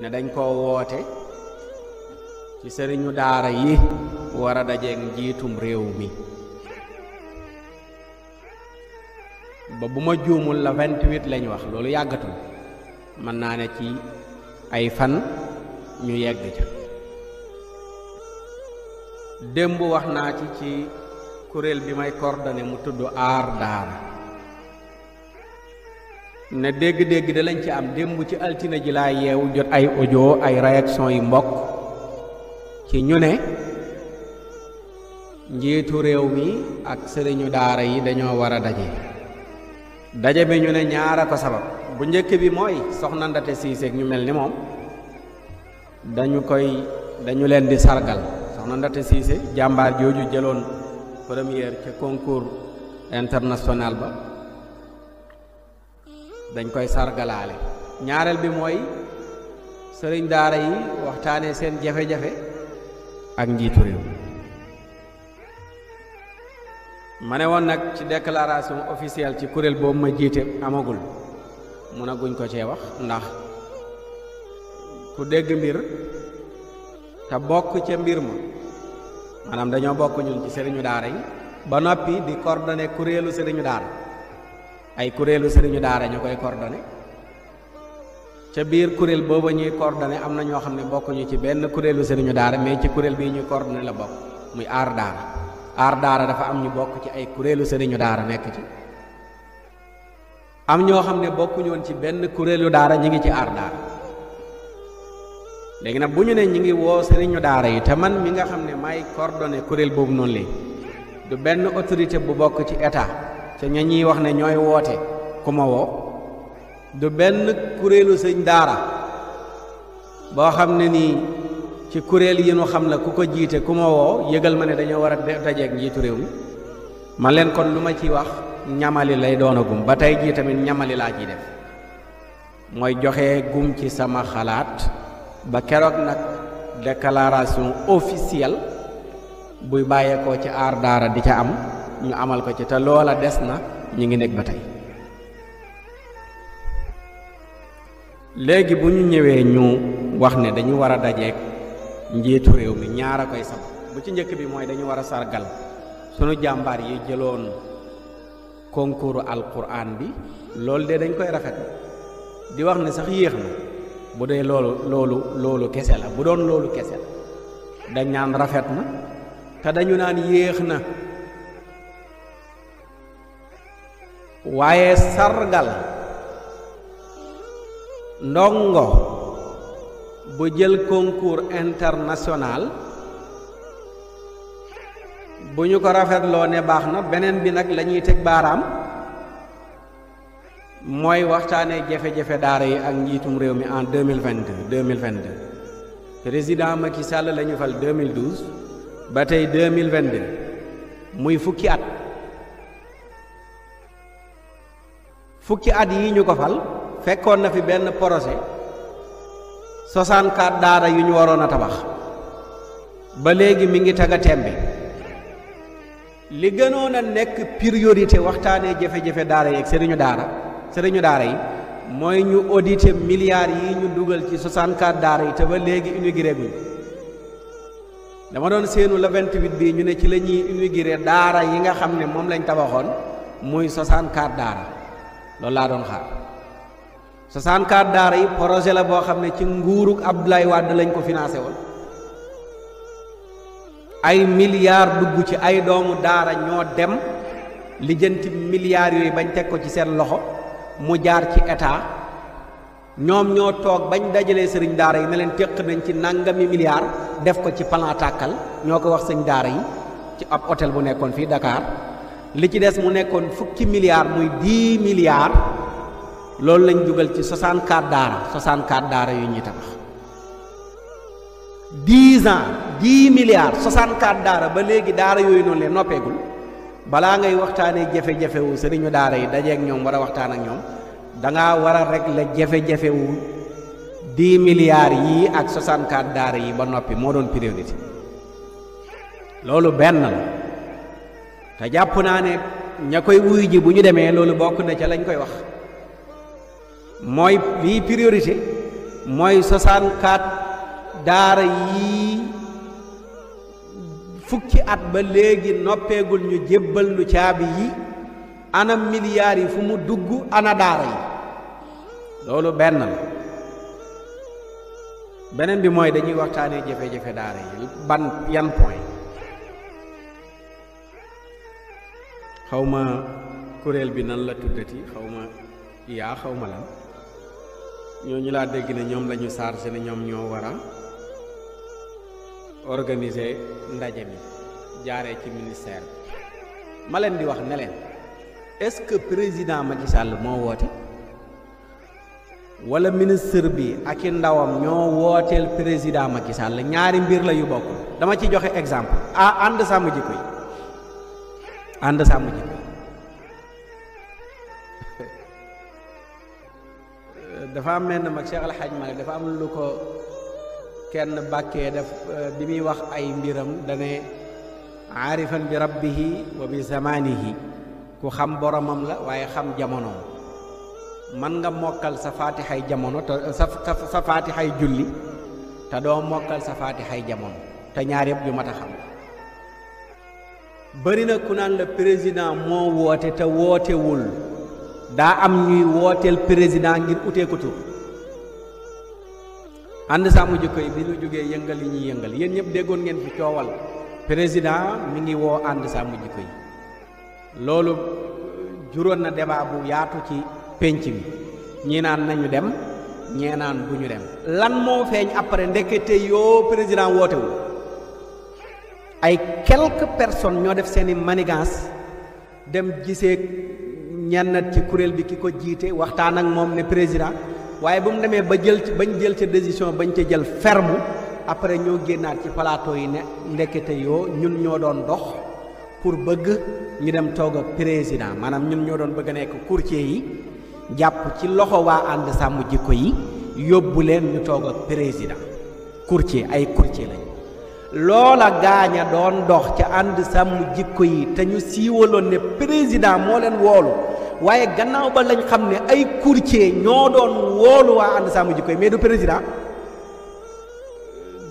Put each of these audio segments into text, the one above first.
ne dañ koo woote ci sëriñu daara yi war a dajeeg njiitum réew mi ba bu ma juumul la vingt wax loolu yàggatul mën naa ne ci ay fan ñu yegg ca démb wax naa ci ci kuréel bi may coordonné mu tudd aar daara ne dégg-dégg da lañ ci am démb ci altine ji laa yeewu jot ay audio ay réaction yi mbokk ci ñu ne njiitu réew mi ak sëriñu daara yi dañoo war a daje daje bi ñu ne ñaara ko sabab bu njëkk bi mooy soxna Ndate Siise ak ñu mel ni moom dañu koy dañu leen di sargal soxna Ndate Siise jàmbaar jooju jëloon première ca concours international ba dañ koy sargalaale ñaareel bi mooy sëriñ daara yi waxtaanee seen jafe-jafe ak njiitu réew ma ne woon nag ci déclaration officielle ci kuréel boobu ma jiite amagul mun a guñ ko cee wax ndax ku dégg mbir te bokk ca mbir ma maanaam dañoo bokk ñun ci sëriñu daara yi ba noppi di coordonné kuréelu sëriñu daara ay kuréelu sëriñu daara ñu koy coordonné ca biir kuréel booba ñuy coordonné am na ñoo xam ne bokkuñu ci benn kuréelu sëriñu daara mais ci kuréel bii ñuy coordonné la bokk muy aar daara aar daara dafa am ñu bokk ci ay kuréelu sëriñu daara nekk ci am ñoo xam ne bokkuñu woon ci benn kuréelu daara ñi ngi ci aar daara léegi nag bu ñu ne ñi ngi woo sëriñu daara yi te man mi nga xam ne may coordonné kuréel boobu noonu léegi du benn autorité bu bokk ci état. te ña ñuy wax ne ñooy woote ku ma woo du benn kuréelu sëñ daara boo xam ne nii ci kuréel yi nu xam la ku ko jiite ku ma woo yëgal ma ne dañoo war a dajeeg njiitu réew mi man leen kon lu ma ci wax ñamali lay doon a gum ba tey jii tamit ñamali laa ciy def mooy joxe gum ci sama xalaat ba keroog nag déclaration officielle buy bàyyeekoo ci aar daara di ca am ñu amal ko ci te loola des na ñu ngi nekk ba tey léegi bu ñu ñëwee ñu wax ne dañu war a dajeek njiitu réew mi ñaar a koy sab bu ci njëkk bi mooy dañu war a sargal sunu jàmbaar yi jëloon concours alquran bi loolu de dañ koy rafet di wax ne sax yéex na bu dee loolu loolu loolu kese la bu doon loolu kese la dañ naan rafet na te dañu naan yéex na waaye sargal ndongo bu jël concours international bu ñu ko rafetloo ne baax na beneen bi nag lañuy teg baaraam mooy waxtaanee jafe-jafe daara yi ak njiitum réew mi en 2022 2022 président Macky Sall la ñu fal 2012 ba tey 2022 muy fukki at fukki at yi ñu ko fal fekkoon na fi benn projet 64 daara yu ñu waroon a tabax ba léegi mi ngi taga tembe li gënoon a nekk priorité waxtaanee jafe-jafe daara yi ak sëriñu daara sëriñu daara yi mooy ñu audité milliards yi ñu dugal ci 64 daara yi te ba léegi inauguré guñ dama doon seenu la 28 bii ñu ne ci la ñuy inauguré daara yi nga xam ne moom lañ tabaxoon muy 64 daara loolu laa doon xaar 64 daara yi projet la boo xam ne ci nguurug Abdoulaye Wade lañ ko financé woon ay milliards dugg ci ay doomu daara ñoo dem lijjanti milliards yooyu bañ teg ko ci seen loxo mu jaar ci état ñoom ñoo toog bañ dajalee sëriñ daara yi ne leen téq nañ ci nangami milliards def ko ci plan tàkkal ñoo ko wax sëñ daara yi ci ab hôtel bu nekkoon fii dakaar li ci des mu nekkoon fukki milliards muy 10 milliards loolu lañ jugal ci 64 daara 64 daara yu ñuy tabax 10 ans 10 milliards 64 daara ba léegi daara yooyu noonu leen noppeegul balaa ngay waxtaanee jafe-jafe wu sëriñu daara yi dajeek ñoom war a waxtaan ak ñoom danga war a rek la jafe-jafe wu 10 yii ak 64 daara yi ba noppi moo doon priorité loolu benn la. te jàpp naa ne ña koy wuy ji bu ñu demee loolu bokk na ca lañu koy wax mooy lii priorité mooy 64 daara yii fukki at ba léegi noppeegul ñu jébbal lu caabi yi anam milliards yi fu mu dugg ana daara yi loolu benn la beneen bi mooy dañuy waxtaanee jafe-jafe daara yi ban yan point xaw ma kuréel bi nan la tuddati xaw ma yaa xaw ma lan ñooñu laa dégg ne ñoom la ñu chargé ne ñoom ñoo war a organiser ndaje mi jaaree ci ministère ma leen di wax neleen leen est-ce que président Macky Sall moo woote wala ministre bi ak i ndawam ñoo wooteel président Macky Sall ñaari mbir la yu bokk dama ci joxe exemple ah ànd sàmm jikko yi ànd sàmm jikko dafa am mel na mag Cheikh Al Hadj Malick dafa am lu ko kenn bàkkee def eh, bi muy wax ay mbiram dane aarifan bi rabbihi wa bi zamaanihi ku xam boromam la waaye xam jamonoom mën nga mokkal sa faatixay jamono te sa sa faatixay julli te doo mokkal sa faatixay jamono te ñaar yëpp yu mat a xam bëri na ku naan la président moo woote te wootewul daa am ñuy wooteel président ngir utee ko tur ànd sàmm jikko bi ñu jógee yëngal yi ñuy yëngal yéen ñëpp déggoon ngeen fi coowal président mi ngi woo ànd sàmm jikko yi loolu juróon na débat bu yaatu ci pénc bi ñii naan nañu dem ñee naan bu ñu dem lan moo feeñ après ndekete yoo président wootewul ay quelques personnes ñoo def seeni manigance dem gisee ñenn ci kuréel bi ki ko jiite waxtaan ak moom ne président waaye bu mu demee ba jël ci bañ jël ca décision bañ ca jël ferme après ñoo génnaat ci palaato yi ne ndekete yoo ñun ñoo doon dox pour bëgg ñu dem toog ak président maanaam ñun ñoo doon bëgg a nekk courtier yi jàpp ci loxo waa ànd sàmm jikko yi yóbbu leen ñu toog ak président courtier ay courtier lañ loola gaaña doon dox ca ànd sàmm jikko yi te ñu siiwaloon ne président moo leen woolu waaye gannaaw ba lañ xam ne ay courtier ñoo doon woolu waa ànd sàmm jikko yi mais du président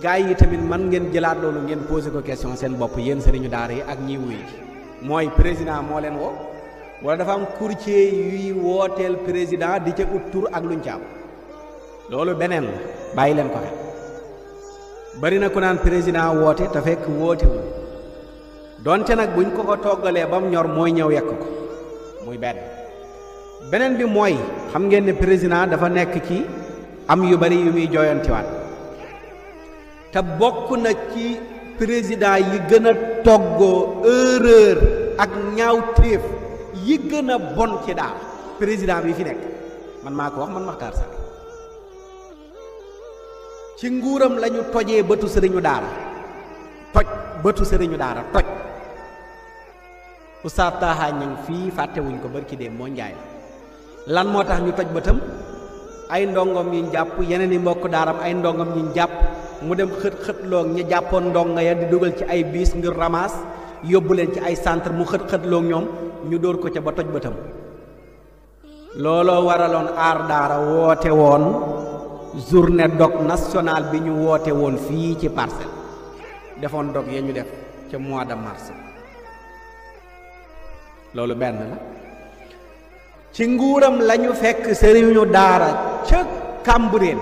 gars yi tamit man ngeen jëlaat loolu ngeen posé ko question seen bopp yéen sëriñu daar yi ak ñiy wuy ji mooy président moo leen woo wala dafa am courtier yuy wooteel président di ca ut tur ak luñ ca loolu beneen la bàyyi leen ko xel bari na ku naan président woote te fekk wootewul donte nag buñ ko ko toggalee ba mu ñor mooy ñëw yekk ko muy benn beneen bi mooy xam ngeen ne président dafa nekk ci am yu bari yu muy jooyantiwaat te bokk na ci président yi gën a toggoo erreur ak ñaaw téef yi gën bon ci daal président bi fi nekk man maa ko wax man Makhtar Sall ci nguuram lañu ñu tojee bëtu sëriñu daara toj bëtu sëriñu daara toj Oustaz Taha fii fàttewuñ ko ci dee moo njaay lan moo tax ñu toj bëtam ay ndongom yi jàpp yeneen yi mbokk daaram ay ndongom yi jàpp mu dem xët xëtloog ñi jàppoon ndongo ya di dugal ci ay biis ngir ramas yóbbu leen ci ay centre mu xët xëtloog ñoom ñu dóor ko ca ba toj bëtam looloo waraloon aar daara woote woon journée dog nationale bi ñu woote woon fii ci parcelle defoon dog ya ñu def ca mois de mars loolu benn la ci nguuram lañu fekk sëriñu daara ca Cambérène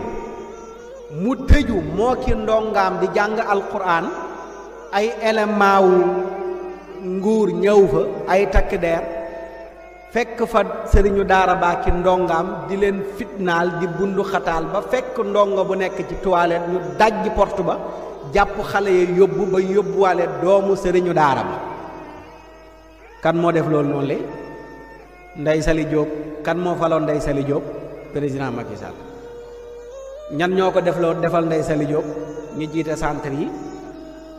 mu tëju moo ki ndongaam di jàng alxuraan ay élément nguur ñëw fa ay takk der fekk fa sëriñu daara baa ki ndongaam di leen fitnaal di bundu xataal ba fekk ndongo bu nekk ci toilette ñu dajji porte ba jàpp xale ya yóbbu ba yóbbuwaale doomu sëriñu daara ba kan moo def loolu noonu le Ndey Sali kan moo faloon Ndey Sali Diop président Macky Sall ñan ñoo ko defloo defal Ndey Sali Diop ñu jiite centre yi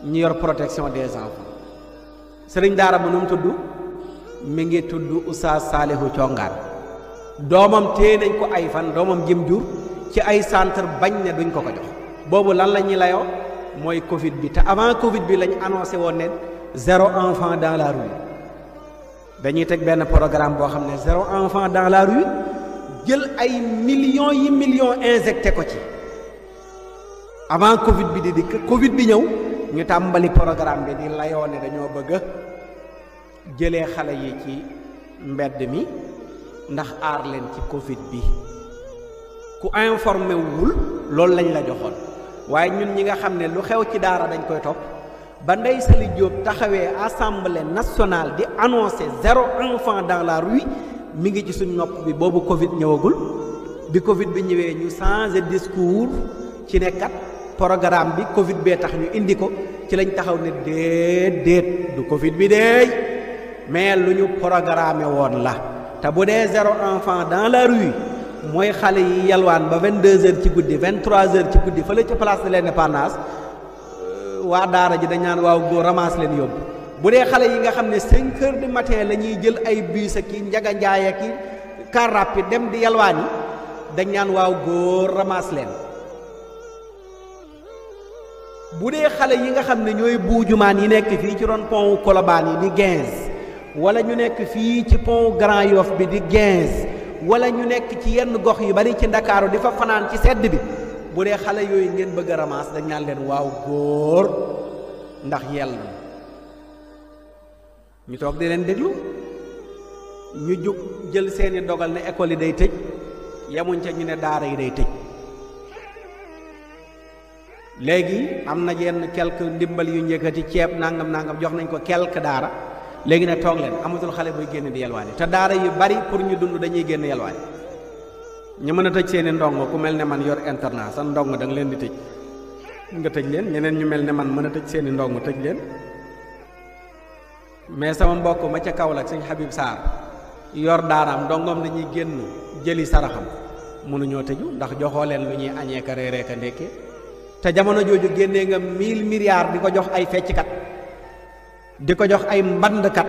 ñu yor protection des enfants sëriñ daara ba tudd mi ngi tudd Oustaz Saalihu Congaan doomam téye nañ ko ay fan doomam jëm jur ci ay centre bañ ne duñ ko ko jox boobu lan la ñuy layoo mooy Covid bi te avant Covid bi lañu annoncé woon ne zéro enfant dans la dañuy teg benn programme boo xam ne zéro enfant dans la rue jël ay millions yi millions injecté ko ci avant Covid bi di dikk Covid bi ñëw ñu tàmbali programme bi di layoo ne dañoo bëgg jëlee xale yi ci mbedd mi ndax aar leen ci Covid bi ku informé wul loolu lañ la joxoon waaye ñun ñi nga xam ne lu xew ci daara dañ koy topp ba Ndeye Saly Diop taxawee assemblée nationale di annoncé zéro enfant dans la rue mi ngi ci suñ nopp bi boobu Covid ñëwagul bi Covid bi ñëwee ñu changé discours ci nekkat kat programme bi Covid bee tax ñu indi ko ci lañ taxaw ne déet déet du Covid bi deey mais lu ñu programmé woon la te bu dee zéro enfant dans la rue mooy xale yi yalwaan ba vingt deux heures ci guddi vingt trois heures ci guddi fële ca place de l'Indépendance euh, waa daara ji dañ naan waaw góor ramasse leen yóbbu bu dee xale yi nga xam ne cinq heures du matin la ñuy jël ay bus ak i njaga njaay ak i car rapide dem di yalwaan yi dañ naan waaw góor ramasse leen bu dee xale yi nga xam ne ñooy buujumaan yi nekk fii ci ron pont Colobane yi di 15 wala ñu nekk fii ci pont Grand yof bi di Guinze wala ñu nekk ci yenn gox yu bari ci ndakaaru di fa fanaan ci sedd bi bu dee xale yooyu ngeen bëgg a ramasse dañ naan leen waaw góor ndax yell ñu toog di leen déglu ñu jóg jël seeni dogal ne école yi day tëj yemuñ ca ñu ne daara yi day tëj léegi am na yenn quelque ndimbal yu njëkkati ceeb nangam nangam jox nañ ko quelque daara léegi nag toog leen amatul xale buy génn di yalwaani te daara yu bari pour ñu dund dañuy génn yalwaani ñu mën a tëj seeni ndongo ku mel ne man yor internat sa ndongo da leen di tëj nga tëj leen ñeneen ñu mel ne man mën a tëj seeni ndongo tëj leen mais sama mbokk ma ca kaw Kaolack sëñ Habib Sarr yor daaraam ndongoom dañuy génn jëli saraxam mënuñoo tëju ndax joxoo leen lu ñuy añee ka reeree ka ndékkee te jamono jooju génnee nga mille milliards di ko jox ay fecckat di ko jox ay mbandkat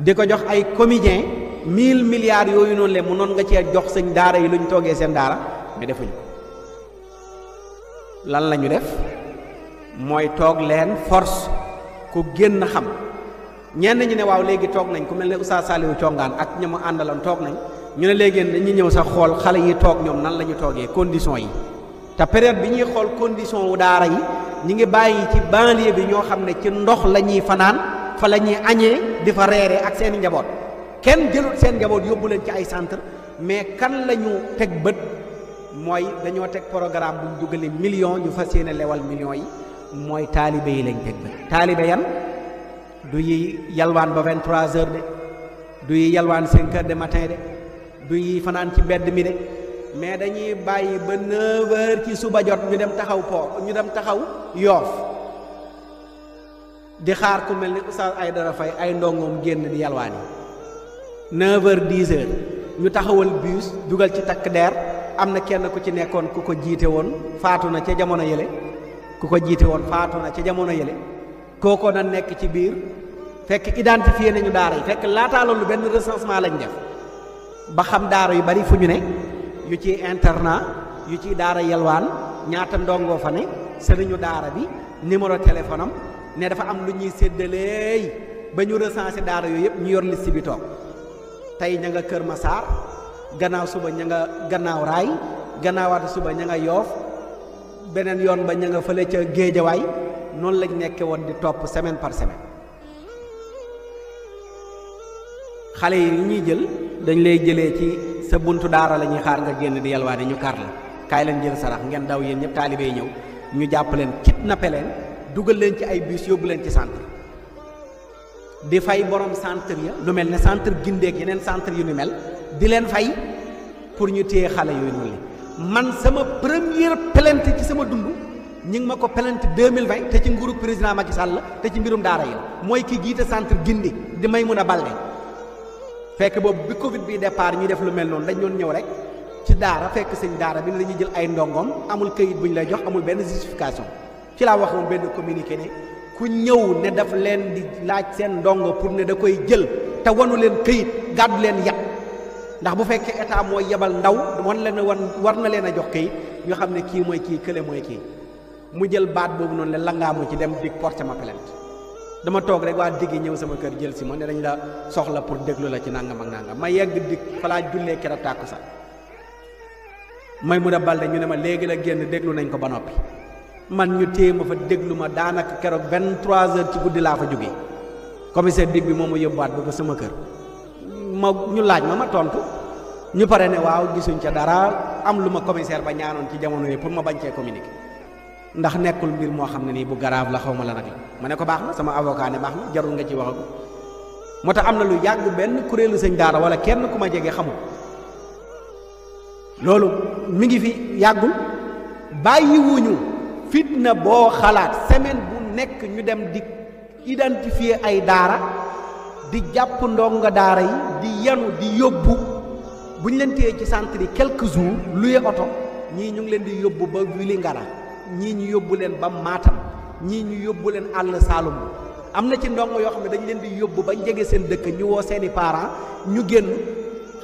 di ko jox ay comédien mille milliards yooyu noonu le mu noon nga cee jox sëñ daara yi luñ toogee seen daara mais defuñu ko lan lañu def mooy toog leen force ku génn xam ñenn ñi ne waaw léegi toog nañ ku mel ne Oustaz Saliou Thiongaan ak ña mu àndaloon toog nañ ñu ne léegi dañuy ñëw sax xool xale yi toog ñoom nan la ñu toogee condition yi te période bi ñuy xool condition wu daara yi ñu ngi bàyyi ci banlieue bi ñoo xam ne ci ndox la ñuy fanaan fa la ñuy añee di fa reeree ak seen njaboot kenn jëlul seen njaboot yóbbu leen ci ay centre mais kan lañu teg bët mooy dañoo teg programme bu ñu million ñu fas yéene lewal millions yi mooy taalibe yi lañ teg bët taalibe yan du yi yalwaan ba 23 heures du yi yalwaan heures de matin de du yi fanaan ci mbedd mi de mais dañuy bàyyi ba 9 ci suba jot ñu dem taxaw po ñu dem taxaw yoof di xaar ku mel ni Oustaz ay Faye ay ndongoom génn di yalwaani 9h 10h ñu taxawal bus dugal ci takk der am na kenn ku ci nekkoon ku ko jiite woon faatu na ca jamono yële ku ko jiite woon faatu na ca jamono yële kooko a nekk ci biir fekk identifié nañu daara yi fekk laata loolu benn recensement lañ def ba xam daara yu bari fu ñu ne. yu ci internat yu ci daara yalwaan ñaata ndongo fa ne sëriñu daara bi numéro téléphone am ne dafa am lu ñuy séddalee ba ñu recensé daara yooyu yëpp ñu yor liste bi toog tey ña nga Kër Masaar gannaaw suba ña nga gannaaw raay gannaawaatu suba ña nga yoof beneen yoon ba ña nga fële ca géejawaay noonu lañ nekke woon di topp semaine par semaine xale yi ñuy jël dañu lay jëlee ci sa buntu daara la ñuy xaar nga génn di yalwaane ñu kar la kaay leen jël sarax ngeen daw yéen ñëpp taalibe yi ñëw ñu jàpp leen kidnappé leen dugal leen ci ay bus yóbbu leen ci centre di fay borom centre ya lu mel ne centre gindeek yeneen centre yu ni mel di leen fay pour ñu téye xale yooyu noonu man sama première plainte ci sama dund ñi ma ko plainte 2020 te ci nguuru président Macky Sall la te ci mbirum daara yi mooy ki jiite centre gindi di may mun a balde fekk boobu bi Covid bi départ ñuy def lu mel noonu dañ doon ñëw rek ci daara fekk sëñ daara bi ne dañuy jël ay ndongoom amul këyit bu ñu lay jox amul benn justification ci laa waxoon benn communiqué ne ku ñëw ne daf leen di laaj seen ndongo pour ne da koy jël te wanu leen këyit gàddu leen yat ndax bu fekkee état mooy yebal ndaw wan leen wan war na leen a jox këyit ñoo xam ne kii mooy kii kële mooy kii mu jël baat boobu noonu la langaamu ci dem di ma plainte dama toog rek waa digg ñëw sama kër jël si ma ne dañ la soxla pour déglu la ci nangam ak nangam ma yegg dig falaa jullee kera tàkku sax may mun a balde ñu ne ma léegi la génn déglu nañ ko ba noppi man ñu téye ma fa déglu ma daanaka keroog vingt-trois heures ci guddi laa fa jóge commissaire digg bi moom ma yóbbuwaat ba ba sama kër ma ñu laaj ma ma tontu ñu pare ne waaw gisuñ ca dara am lu ma commissaire ba ñaanoon ci jamono yi pour ma bañ cee communiquer ndax nekkul mbir moo xam ne nii bu garave la xaw ma la nag la ma ne ko baax na sama avocat ne baax na jarul nga ci waxagu moo tax am na lu yàgg benn kuréelu sëñ daara wala kenn ku ma jege xamul loolu mi ngi fi yàggul bàyyiwuñu fitna boo xalaat semaine bu nekk ñu dem di identifier ay daara di jàpp ndongo daara yi di yanu di yóbbu bu ñu leen téye ci sant yi quelque jour luye oto ñii ñu ngi leen di yóbbu ba Vélingara ñii ñu yóbbu leen ba maatam ñii ñu yóbbu leen àll Saalum am na ci ndongo yoo xam ne dañ leen di yóbbu ba jege seen dëkk ñu woo seeni parents ñu génn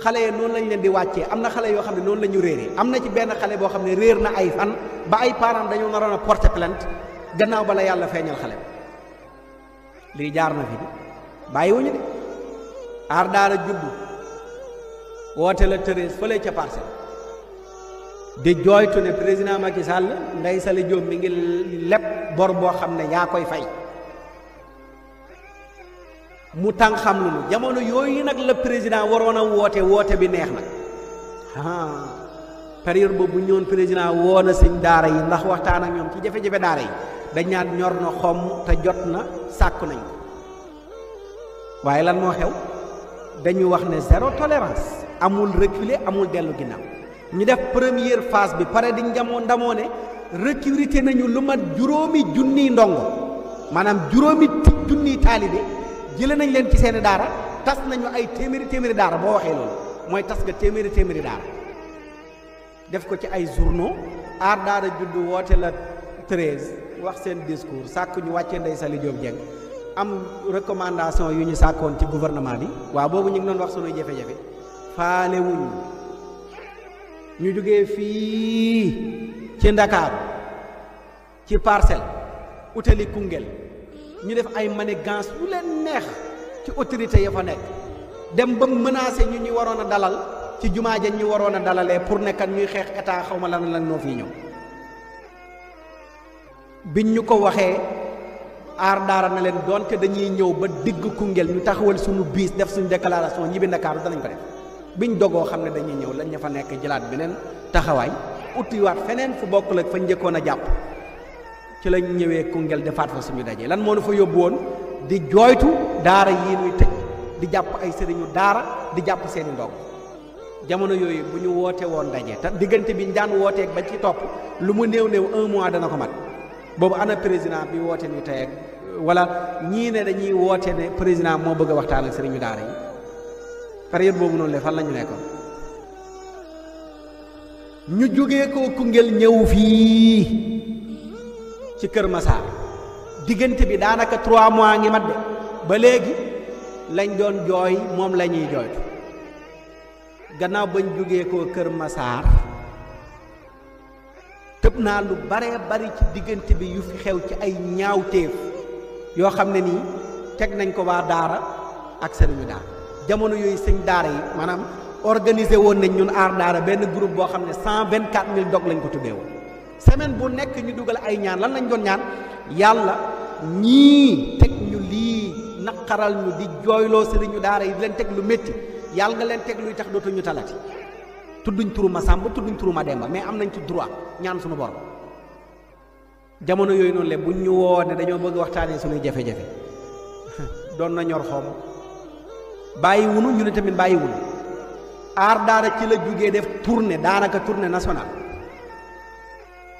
xale yi noonu lañ leen di wàccee am na xale yoo xam ne noonu lañu ñu réeree am na ci benn xale boo xam ne réer na ay fan ba ay parents dañoo naroon a porter plainte gannaaw ba la yàlla feeñal xale bi lii jaar na fi de bàyyiwuñu de aar daara juddu woote la tërees fële ca parcelle di jooytu ne président Macky Sall Ndeye Saly Diop mi ngi leb bor boo xam ne yaa koy fay mu tàng xam lu jamono yooyu nag la président waroon a woote woote bi neex na ah période boobu ñoon président woo na sëñ daara yi ndax waxtaan ak ñoom ci jafe-jafe daara yi dañ ñor na xomm te jot na sàkku nañ waaye lan moo xew dañu wax ne zéro tolérance amul reculer amul dellu ginnaaw. ñu def première phase bi pare di njamoo ndamoone ne nañu lu mat juróomi junniy ndongo maanaam juróomi junniy taalibe jële nañ leen ci seeni daara tas nañu ay téeméeri téeméeri daara boo waxee loolu mooy tas nga téeméeri téeméeri daara def ko ci ay journaux aar daara juddu woote la treize wax seen discours sàkk ñu wàccee ndey Sali Diop Dieng am recommandation yu ñu sàkkoon ci gouvernement bi waaw boobu ñu ngi doon wax sunuy jafe-jafe faale ñu jógee fii ci ndakaaru ci parcelle utali Koungheul ñu def ay manigance lu leen neex ci autorité ya fa nekk dem ba menacé ñu ñuy waroon a dalal ci jumaa ja ñuy waroon a dalalee pour nekkat ñuy xeex état xaw ma lañu lan noo fii ñëw biñ ñu ko waxee aar daara na leen doonte dañuy ñëw ba digg Koungheul ñu taxawal suñu biis def suñu déclaration ñibbi ndakaaru danañ ko def biñ dogoo xam ne dañuy ñëw lañ ña fa nekk jëlaat beneen taxawaay utiwaat feneen fu bokk ak fa njëkkoon a jàpp ci lañ ñëwee Koungheul defaat fa suñu dajee lan moo nu fa yóbbu woon di jooytu daara yii nuy tëj di jàpp ay sëriñu daara di jàpp seeni ndog jamono yooyu bu ñu woote woon dajee te diggante bi ñu daan wooteeg ba ci topp lu mu néew néew un mois dana ko mat boobu ana président bi woote ni tey wala ñii ne dañuy woote ne président moo bëgg waxtaan ak daara yi période boobu noonu la fan la ñu nekkoon ñu jóge ko Koungheul ñëw fii ci Kër Massar diggante bi daanaka trois mois ngi mat de ba léegi lañ doon jooy moom lañuy ñuy jooytu gannaaw bañ jógee ko Kër Massar tëb naa lu bare bari ci diggante bi yu fi xew ci ay ñaawteef yoo xam ne nii teg nañ ko baa daara ak sëriñu daara jamono yooyu sëñ daara yi maanaam organisé woon nañ ñun aar daara benn groupe boo xam ne vingt quatre mille dog lañ ko tuddee woon semaine bu nekk ñu dugal ay ñaan lan lañ doon ñaan yàlla ñii teg ñu lii naqaral ñu di jooyloo sëriñu daara yi di leen teg lu métti yàlla nga leen teg luy tax dootuñu talati tudduñ turu ma Sàmba tudduñ turu ma Demba mais am nañ ci droit ñaan suñu borom jamono yooyu noonu le buñ ñu woo ne dañoo bëgg waxtaanee suñuy jafe-jafe doon na ñor xoom bàyyi wunu ñu tamit bàyyi aar daara ci la jógee def tournée daanaka turne nationale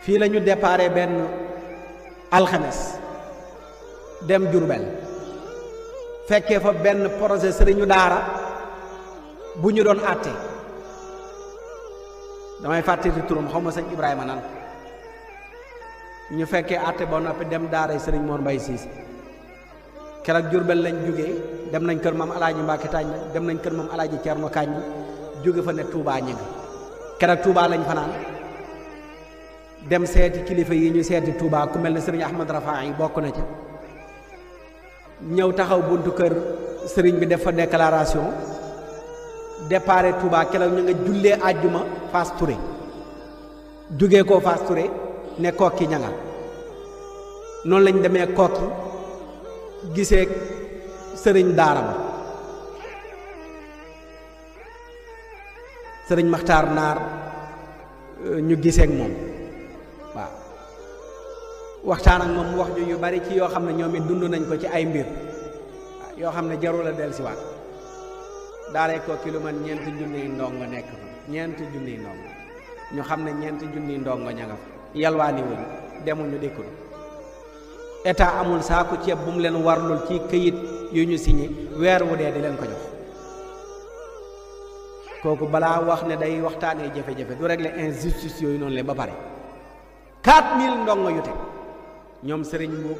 fii lañu ñu benn alxames dem Jurbel fekkee fa benn projet sëriñu daara bu ñu doon àtte damay fàttali turam xaw ma Ibrahima nan ñu fekkee àtte ba noppi dem daara sëriñ Mor Mbay Siis keroog Jurbel lañ jógee dem nañ kër maam alaaji Mbàkke Tàññ dem nañ kër maam alaaji Ceerno Kàññ jóge fa ne Touba ñi keroog tuubaa lañ fanaan dem seeti kilifa yi ñu seeti tuubaa ku mel ne sëriñ Ahmad Rafa yi bokk na ci ñëw taxaw buntu kër sëriñ bi def fa déclaration déparé Touba keroog ñu nga jullee àjjuma Fass Touré jógee koo Fass Touré ne kokki ñanga noonu lañ demee kokki giseek sëriñ daara ba sëriñ maxtaar naar euh, ñu giseek moom waaw waxtaan ak moom wax ju yu bari ci yoo xam ne ñoom it dund nañ ko ci ay mbir yoo xam ne jarula a dellusiwaat daaree ko ki lu man ñeenti junniy ndongo nekk ñeenti junniy ndongo ñu xam ne ñeenti junniy ndongo ña nga fa yalwaani wuñ demuñu dikkuñu état amul saako ceeb bu mu leen warlul ci këyit yu ñu signé weer wu dee di leen ko jox kooku balaa wax ne day waxtaanee jafe-jafe du régler injustice yooyu noonu leen ba pare 4000 ndongo yu teg ñoom sëriñ Mbuub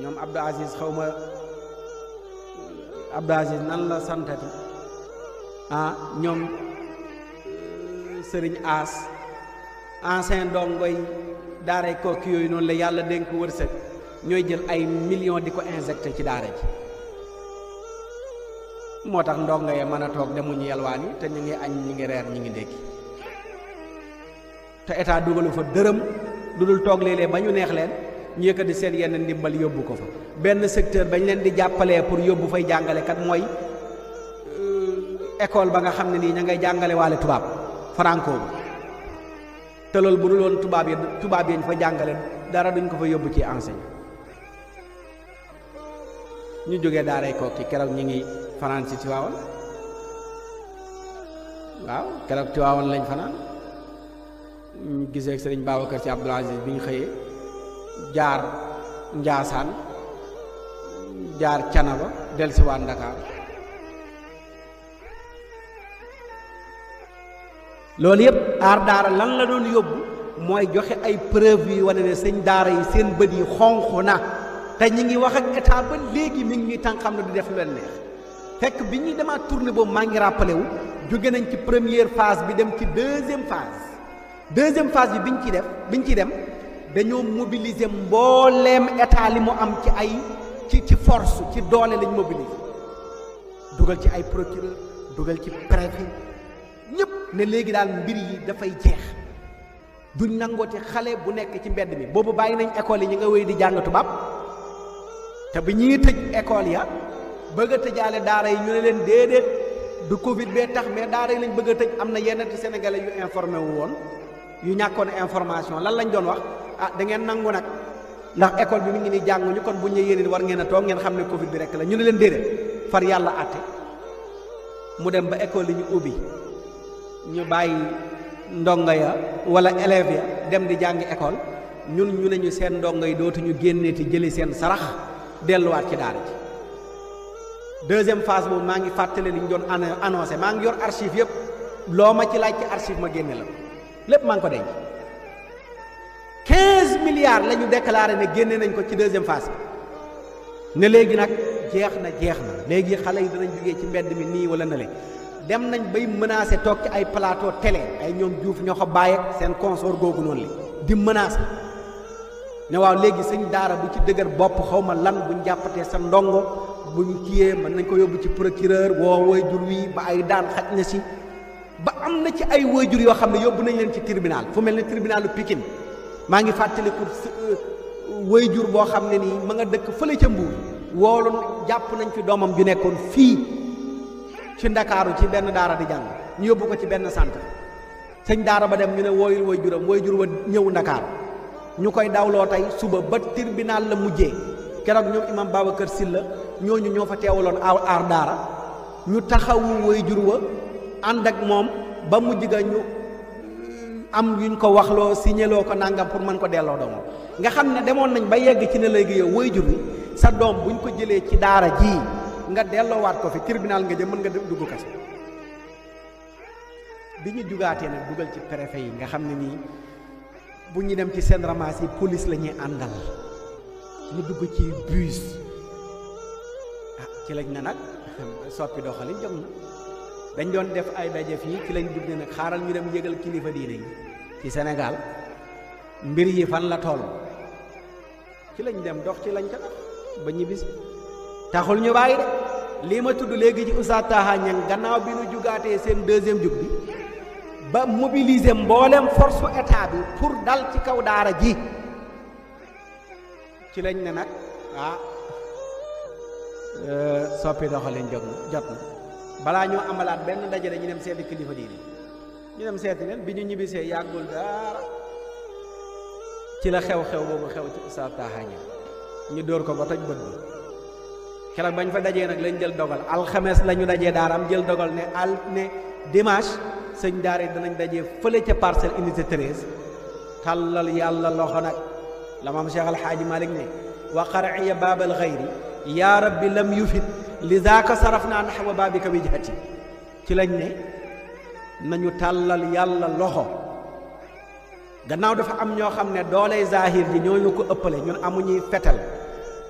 ñoom Abdou Aziz xaw ma Abdou nan la santati ah ñoom sëriñ As ancien ndongo yi daaray kokki yooyu noonu la yàlla dénk wërsëg ñoy jël ay millions diko injecter ci daara ji motax tax ngay ya mëna tok a ñu demuñu te ñi ngi añ ñi ngi reer ñi ngi ndékki te état dugalu fa deureum dudul tok lélé ba ñu neex leen ñi yëkkati seen yenn ndimbal yobbu ko fa benn secteur bañ leen di jappalé pour yobbu fay kat moy euh, école ba nga xamné ni ñay ña walé tubab waale franco bi te loolu bu dul woon tubaab yi tubab yi fa dara duñ ko fa yobbu ci ñu jógee daaray ci keroog ñu ngi fanaan ci Tiwaawan waaw keroog Tiwaawan lañ fanaan ñu gisee ak sëriñ Babacar si Abdoul Aziz bi ñu xëyee jaar Njaasaan jaar Canaba dellusiwaat Ndakaar loolu yëpp aar daara lan la doon yóbbu mooy joxe ay preuve yi wane ne sëñ daara yi seen bët yi xonq na te ñi ngi wax ak état ba léegi mi ngi ñuy tànqam ne du def lu leen fekk bi ñuy demaat tournée boobu maa ngi rappelé wu jóge nañ ci première phase bi dem ci deuxième phase deuxième phase bi biñ ci def biñ ci dem dañoo mobiliser mbooleem état li mu am ci ay ci ci force ci doole lañ mobiliser dugal ci ay procureur dugal ci préfet ñëpp ne léegi daal mbir yi dafay jeex duñ nangooti xale bu nekk ci mbedd mi boobu bàyyi nañ école yi ñu nga wéy di jàng tubaab te bi ñuy tëj école ya bëgg a tëjaale daara yi ñu ne leen déedéet du Covid bee tax mais daara yi lañ bëgg a tëj am na yenn ti sénégalais yu informé wu woon yu ñàkkoon information lan lañ doon wax ah da ngeen nangu nag ndax école bi mu ngi ni jàng ñu kon bu ñu yéeneen war ngeen a toog ngeen xam ne Covid bi rek la ñu ne leen déedéet far yàlla àtte mu dem ba école yi ñu ubbi ñu bàyyi ndongo ya wala élèves ya dem di jàngi école ñun ñu ne ñu seen ndongo yi dootuñu génnee ti jëli seen sarax. delluwaat ci daara ji deuxième phase boobu maa ngi fàttale li ñu doon annoncé maa ngi yor archive yëpp loo ma ci laaj ci archive ma génne la lépp maa ngi ko denc 15 milliards la ñu ne génne nañ ko ci deuxième phase bi ne léegi nag jeex na jeex na léegi xale yi danañ jógee ci mbedd mi nii wala na dem nañ bay menacé toog ay plateau télé ay ñoom Diouf ñoo ko bàyyeek seen consort googu noonu li di menacé ne léegi sëñ daara bu ci dëgër bopp xaw ma lan buñ jàppatee sa ndongo buñ kiyee mën nañ ko yóbbu ci procureur woo waajur wi ba ay daan xaj na si ba am na ci ay waajur yoo xam ne yóbbu nañ leen ci tribunal fu mel ne tribunalu pikin maa ngi fàttaliku euh, waajur boo xam ne nii ma nga dëkk fële ca Mbuur woolu jàpp nañ fi doomam ju nekkoon fii ci Ndakaaru ci benn daara di jàng ñu yóbbu ko ci benn sànt sëñ daara ba dem ñu ne wooyul waajuram waajur wa ñëw Ndakaaru ñukoy dawlo tay suba ba tribunal la mujjé kérok ñom imam babakar silla ñooñu ñoo fa teewaloon aw ar dara ñu taxawu way jurwa and ak mom ba mujj ga ñu am yuñ ko signé lo ko nangam pour man ko délo doomam nga xamné démon nañ ba yegg ci ne lay gëy way jurwi sa dom buñ ko jëlé ci dara ji nga wat ko fi tribunal nga jëm nga dugg kasse biñu ñu nak dugal ci préfet yi nga xamné ni bu ñu dem ci seen ramas yi police la ñuy àndal ñu dugg ci bus ah ci lañ na nag soppi doxalin jog na dañ doon def ay daje fii ci lañ dugg ne nag xaaral ñu dem yëgal kilifa diine yi ci Sénégal mbir yi fan la tool ci lañ dem dox ci lañ ca ba ñibbis bis taxul ñu bàyyi de lii ma tudd léegi ci Oustaz Taha Niang gannaaw bi nu jugaatee seen deuxième jug bi ba mobiliser mboolem force état bi pour dal ci kaw daara ji ci lañ ne nag ah euh, soppi doxalin jot na jot balaa ñoo amalaat benn dajale ñu dem seeti kilifa diine ñu dem seeti leen bi ñu ñibbisee yàggul daara ci la xew-xew boobu xew ci Oustaz Taha ñu dóor ko ba taj bët bi keroog bañ fa dajee nag lañ jël dogal alxames la ñu dajee daaram jël dogal ne al ne dimanche sëñ daara yi danañ daje fële ca parcelle unité 13 tàllal yàlla loxo nag la maam Cheikh Al Hadj Malick ne wa qarciya baabal xayri yaa rabbi lam yufit li zaaka saraf naa naxwa baabika wijhati ci lañ ne nañu tàllal yàlla loxo gannaaw dafa am ñoo xam ne dooley zahir ji ñoo ñu ko ëppale ñun amuñuy fetal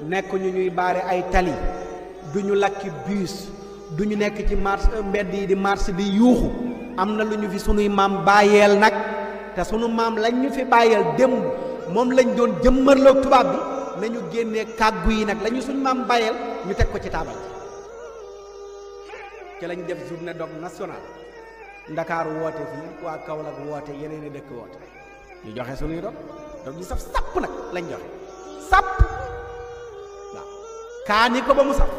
nekk ñu ñuy baare ay tali du ñu lakki bus du ñu nekk ci marché mbedd yi di marché di yuuxu am na lu ñu fi sunuy maam bàyyeel nag te sunu maam lañ ñu fi bàyyeel démb moom lañ doon jëmmarloo tubaab bi nañu génnee kàggu yi nag la ñu suñ maam bàyyeel ñu teg ko ci taabal ci lañ def journée dog national ndakaar woote fii waa Kaolack woote yeneen i dëkk woote ñu joxe sunuy dog dog ñu saf sàpp nag lañ joxe sàpp waaw kaani ko ba mu saf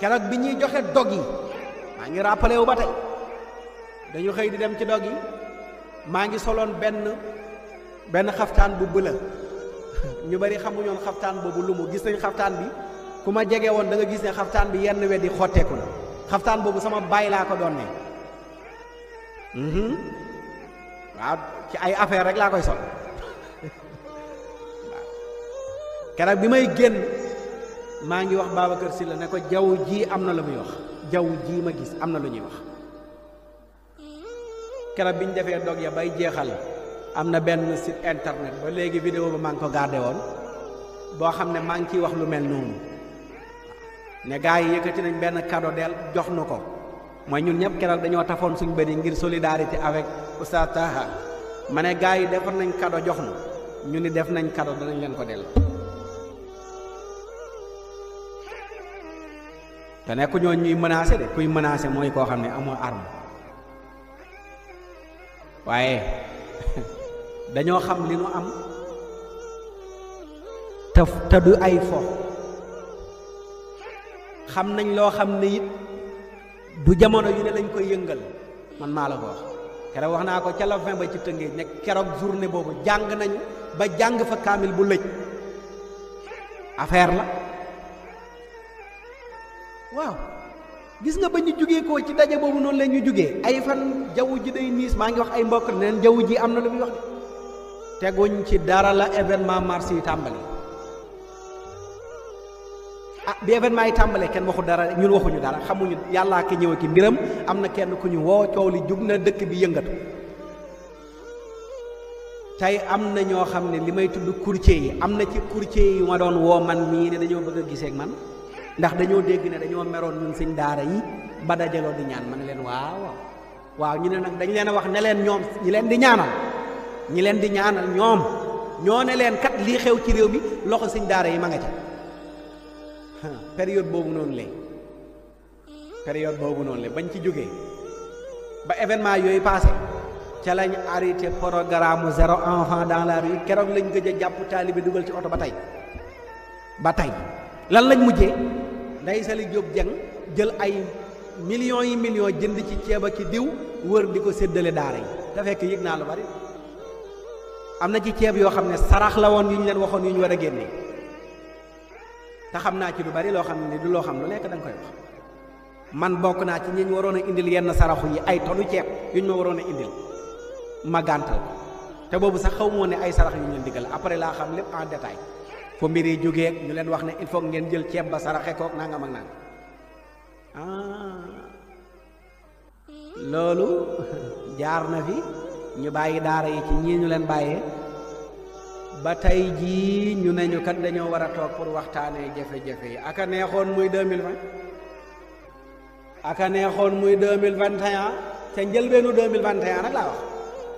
keroog bi ñuy joxe dog yi maa ngi rappelé wu ba tey dañu xëy di dem ci dog yi maa ngi soloon benn benn xaftaan bu bëla ñu bari xamuñoon xaftaan boobu lu mu gis nañ xaftaan bi ku ma jege woon da nga gis ne xaftaan bi yenn wet yi xotteeku na xaftaan boobu sama baay laa ko doon ne mm-hmm. waaw ci ay affaire rek laa koy sol keroog bi may génn maa ngi wax Babacar Sylla ne ko jaw ji am na la muy wax jaww jii ma gis am na lu ñuy wax keroog bi ñu defee dog ya bay jeexal am na benn site internet ba léegi vidéo ba maa ngi woon boo xam ne maa ngi ciy wax lu mel noonu ne gars yi yëkkati nañ benn cadeau del jox nu ko mooy ñun ñëpp keroog dañoo tafoon suñ yi ngir solidarité avec Oustaz Taha ma ne gars yi defar nañ kado jox nu ñu ni def nañ cadeau danañ leen ko dell te nekku ñoo ñuy menacé de kuy menacé mooy koo xam ne amoo arme waaye dañoo xam li nu am te te du ay fo xam nañ loo xam ne it du jamono yu ne lañ koy yëngal man maa la ko wax keroog wax naa ko ca la fin ba ci tëngee ne keroog journée boobu jàng nañu ba jàng fa kaamil bu lëj affaire la waaw gis nga ba ñu jugee ko ci daje boobu noonu la ñu jugee ay fan jaww ji day niis maa ngi wax ay mbokk ne leen jaww ji am na lu muy wax teguñ ci dara la événement mars yi tàmbali ah bi yi tàmbalee kenn waxu dara ñun waxuñu dara xamuñu yàllaa ki ñëw ki mbiram am na kenn ku ñu woo coow li jug na dëkk bi yëngatu tey am na ñoo xam ne li may tudd courtier yi am na ci courtier yi ma doon woo man mii ne dañoo bëgg a gisee man ndax dañoo dégg ne dañoo meroon ñun sëñ daara yi ba dajaloo di ñaan ma leen waaw waaw ñu ne nag dañ leen a wax ne leen ñoom ñi leen di ñaanal ñi leen di ñaanal ñoom ñoo ne leen kat lii xew ci réew mi loxo sëñ daara yi ma nga ca période boobu noonu la période boobu noonu la bañ ci jógee ba événement yooyu passé ca lañ arrêté programme zéro enfant dans la keroog lañ gëj a jàpp taalibe dugal ci oto ba tey ba tey lan lañ mujjee day Sali Diop jeng jël ay millions yi millions jënd ci ceeb ak ci diw wër di ko séddale daara yi te fekk yëg naa lu bari am na ci ceeb yoo xam ne sarax la woon yu ñu leen waxoon yu ñu war a génne te xam naa ci lu bari loo xam ne du loo xam lu nekk da nga koy wax man bokk naa ci ñi ñu waroon a indil yenn saraxu yi ay tonu ceeb yu ñu ma waroon a indil ma gàntal ko te boobu sax xaw moo ne ay sarax yu ñu leen digal après laa xam lépp en détail fu mbir yi jógee ñu leen wax ne il faut ngeen jël ceeb ba saraxe kook nangam ak nangam ah. loolu jaar na fi ñu bàyyi daara yi ci ñii ñu leen bàyyee ba tey jii ñu ne ñu kat dañoo war a toog pour waxtaanee jafe-jafe yi aka neexoon muy deux mille vingt aka neexoon muy deux mille vingt et un te njëlbeenu mille vingt et un laa wax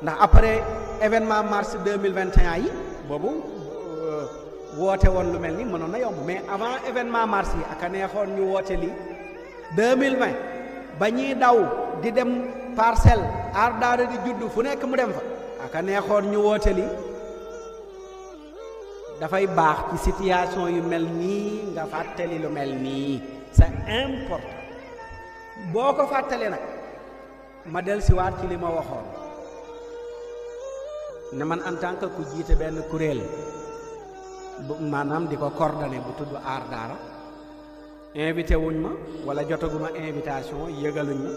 ndax après événement mars deux mille vingt et yi boobu. Euh, wote won lu melni mënon na yomb mais avant événement mars yi ak a ñu wote li 2020 bañi daw di dem parcel ar daara di judd fu nek mu dem fa ak a neexoon ñu wote li fay bax ci situation yu melni nga fatali lu melni ça c'est important boo ko ma del siwaat ci li ma ne man en tant que ku jité ben kuréel maanaam di ko kordane bu tudd aar daara invité wuñ ma wala jotaguma invitation yëgaluñ ma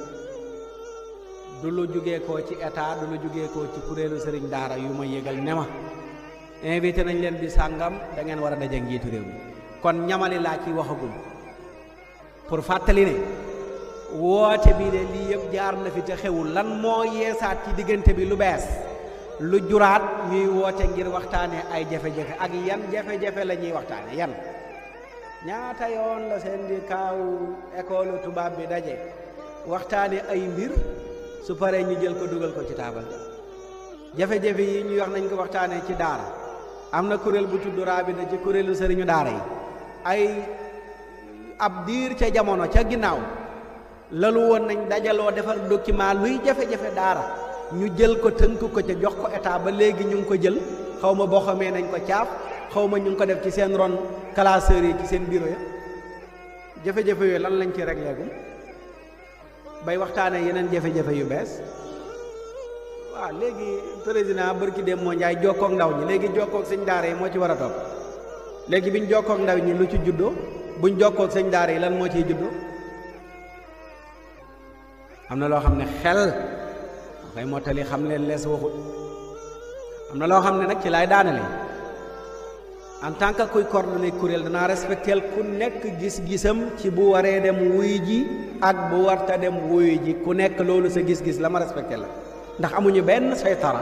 du lu jugee koo ci état du lu jugee ko ci kuréelu sëriñ daara yu ma yëgal ne ma invité nañ leen bi sàngam da ngeen war a daje njiitu réew mi kon ñamali laa ci waxagul pour fàttali ne woote bi de lii yëpp jaar na fi te xewul lan moo yeesaat ci diggante bi lu bees lu juraat ñuy woote ngir waxtaane ay jafe-jafe ak yan jafe-jafe la ñuy waxtaane yan ñaata yoon la seen di kaawu école tubaab bi daje waxtaane ay mbir su paree ñu jël ko dugal ko ci taabal jafe-jafe yi ñu wax nañ ko waxtaane ci daara am na kuréel bu tudd raabita ci kuréelu sëriñu daara yi ay ab diir ca jamono ca ginnaaw lalu woon nañ dajaloo defar document luy jafe-jafe daara ñu jël ko tënk ko ca jox ko état ba léegi ñu ngi ko jël xaw ma boo xamee nañ ko caaf xaw ma ñu ngi ko def ci seen ron classeurs yi ci seen bureau ya jafe-jafe yooyu lan lañ ci réglé gu bay waxtaanee yeneen jafe-jafe yu bees waaw léegi président bërki dem moo njaay jokkook ndaw ñi léegi jokkoog sëñ daara yi moo ci war a topp léegi bi biñ jokkoog ndaw ñi lu ci juddoo buñ jokkoog sëñ daara yi lan moo ciy juddoo am na loo xam ne xel ngay mottali xam leen lees waxut am na loo xam ne nag ci laay daanale en tant que kuy coordonné kuréel danaa respecteel ku nekk gis-gisam ci bu waree dem wuy ji ak bu warta dem wuy ji ku nekk loolu sa gis-gis la ma respecté la ndax amuñu benn saytara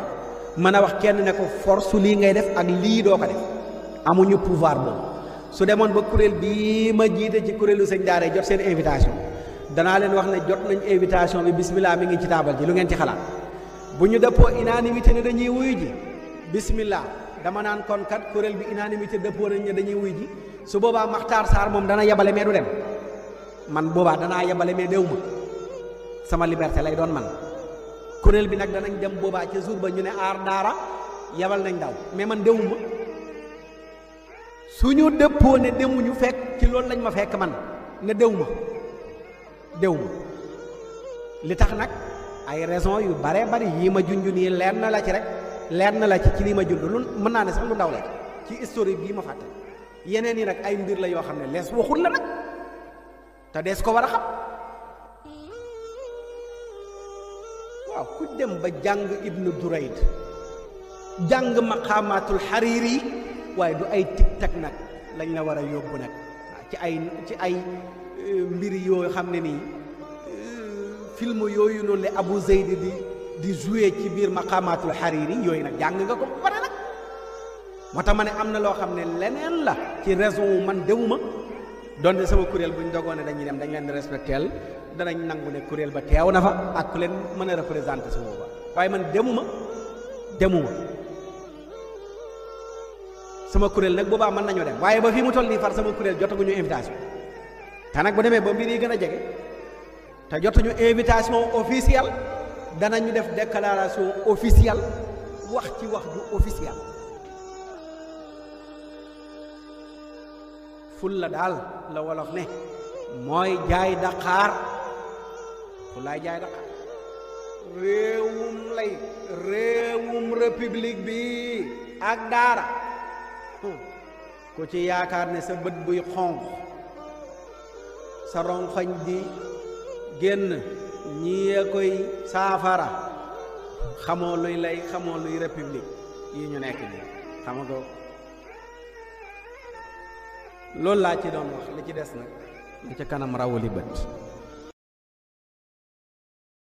mën a wax kenn ne ko force lii ngay def ak lii doo ko def amuñu pouvoir boobu su demoon ba kuréel bii ma jiite ci kuréelu sëñ daara jot seen invitation danaa leen wax ne jot nañ invitation bi bismillah mi ngi ci taabal ji lu ngeen ci xalaat bu ñu dëppoo unanimité ne dañuy wuyu ji bismillah dama naan kon kat kuréel bi ca dëppoo nañ ne dañuy wuyu ji su boobaa Maxtaar Saar moom dana yebale mais du dem man boobaa danaa yebale mais déw ma sama liberté lay doon man kuréel bi nag danañ dem boobaa ca jour ba ñu ne aar daara yebal nañ daw mais man déw ma su ñu dëppoo ne demuñu fekk ci loolu lañ ma fekk man ne déw ma déw ma li tax nag. ay raison yu bare bari yii ma junj nii leer na la ci rek leer na la ci ci lii ma junj lu mën naa ne sax lu ndaw la ci histoire bii ma fàtte yeneen yi nag ay mbir la yoo xam ne lees waxul la nag te dees ko war a xam waaw ku dem ba jàng ibnu durayd jàng maqaamaatul xariiri yi waaye du ay tig-tak nag lañ la war a yóbbu nag ci ay ci ay euh, mbir yoo xam ne nii film yooyu noonu lee Abu Zayd di di joué ci biir maqaamaatul xariiri yooyu nag jàng nga ko ba nag moo tax ma ne am na loo xam ne leneen la ci raison wu man demuma donte sama kuréel buñ dogoon ne dañuy dem dañ leen di respecteel danañ nangu ne kuréel ba teew na fa ak ku leen mën a représenté su booba waaye man demuma demuma sama kuréel nag boobaa mën nañoo dem waaye ba fii mu toll nii far sama kuréel jot invitation te nag bu demee ba mbir yi gën a jege. te jotuñu invitation officielle danañu def déclaration officielle wax ci wax du officielle ful la daal la wolof ne mooy jaay daqaar fulay jaay daqaar réewum lay réewum république bi ak daara ku ci yaakaar ne sa bët buy xonq sa ronxoñ di génn ñi a koy saafara xamoo luy lay xamoo luy république yi ñu nekk nii xamagoo loolu laa ci doon wax li ci des nag li ca kanam rawuli bët